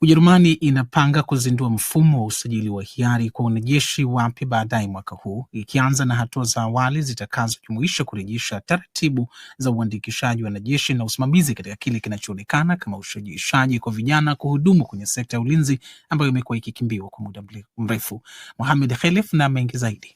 Ujerumani inapanga kuzindua mfumo wa usajili wa hiari kwa wanajeshi wapya baadaye mwaka huu, ikianza na hatua za awali zitakazojumuisha kurejesha taratibu za uandikishaji wa wanajeshi na usimamizi katika kile kinachoonekana kama ushajiishaji kwa vijana kuhudumu kwenye sekta ya ulinzi ambayo imekuwa ikikimbiwa kwa muda mrefu. Mohamed Khelef na mengi zaidi.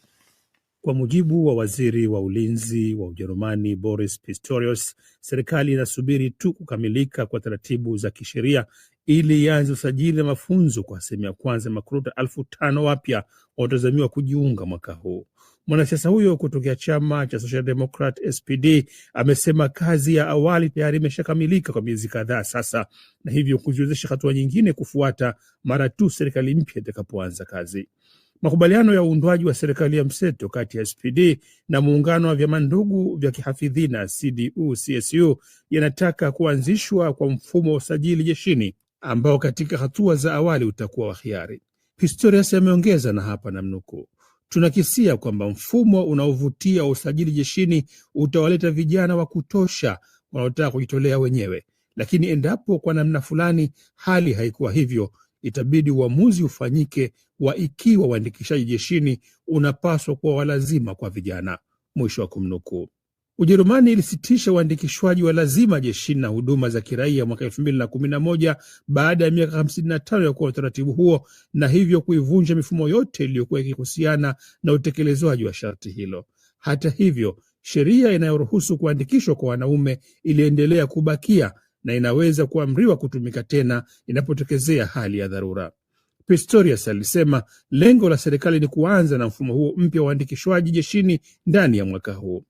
Kwa mujibu wa waziri wa ulinzi wa Ujerumani Boris Pistorius, serikali inasubiri tu kukamilika kwa taratibu za kisheria ili ianze usajili na mafunzo kwa sehemu ya kwanza ya makuruta elfu tano wapya watazamiwa kujiunga mwaka huu. Mwanasiasa huyo kutokea chama cha Social Democrat SPD amesema kazi ya awali tayari imeshakamilika kwa miezi kadhaa sasa, na hivyo kuziwezesha hatua nyingine kufuata mara tu serikali mpya itakapoanza kazi. Makubaliano ya uundwaji wa serikali ya mseto kati ya SPD na muungano wa vyama ndugu vya kihafidhina CDU CSU yanataka kuanzishwa kwa mfumo wa usajili jeshini ambao katika hatua za awali utakuwa wa hiari. Pistorius ameongeza na hapa namnukuu, tunakisia kwamba mfumo unaovutia wa usajili jeshini utawaleta vijana wa kutosha wanaotaka kujitolea wenyewe, lakini endapo kwa namna fulani hali haikuwa hivyo, itabidi uamuzi ufanyike wa ikiwa uandikishaji jeshini unapaswa kuwa walazima kwa vijana. Mwisho wa kumnukuu. Ujerumani ilisitisha uandikishwaji wa lazima jeshini na huduma za kiraia mwaka elfu mbili na kumi na moja baada ya miaka hamsini na tano ya kuwa utaratibu huo na hivyo kuivunja mifumo yote iliyokuwa ikihusiana na utekelezwaji wa sharti hilo. Hata hivyo, sheria inayoruhusu kuandikishwa kwa wanaume iliendelea kubakia na inaweza kuamriwa kutumika tena inapotokezea hali ya dharura. Pistorius alisema lengo la serikali ni kuanza na mfumo huo mpya wa uandikishwaji jeshini ndani ya mwaka huu.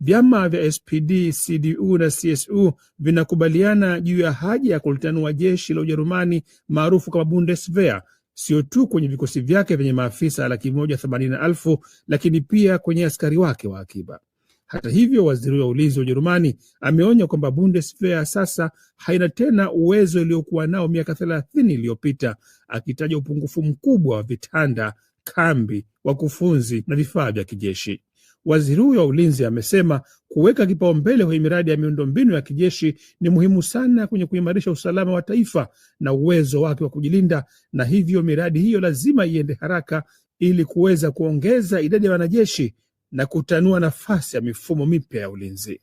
Vyama vya SPD CDU na CSU vinakubaliana juu ya haja ya kulitanua jeshi la Ujerumani maarufu kama Bundeswehr sio tu kwenye vikosi vyake vyenye maafisa laki moja themanini na elfu lakini pia kwenye askari wake wa akiba. Hata hivyo, waziri wa ulinzi wa Ujerumani ameonya kwamba Bundeswehr sasa haina tena uwezo uliokuwa nao miaka thelathini iliyopita, akitaja upungufu mkubwa wa vitanda, kambi, wakufunzi na vifaa vya kijeshi. Waziri huyo wa ulinzi amesema kuweka kipaumbele kwenye miradi ya miundombinu ya kijeshi ni muhimu sana kwenye kuimarisha usalama wa taifa na uwezo wake wa kujilinda, na hivyo miradi hiyo lazima iende haraka ili kuweza kuongeza idadi ya wanajeshi na kutanua nafasi ya mifumo mipya ya ulinzi.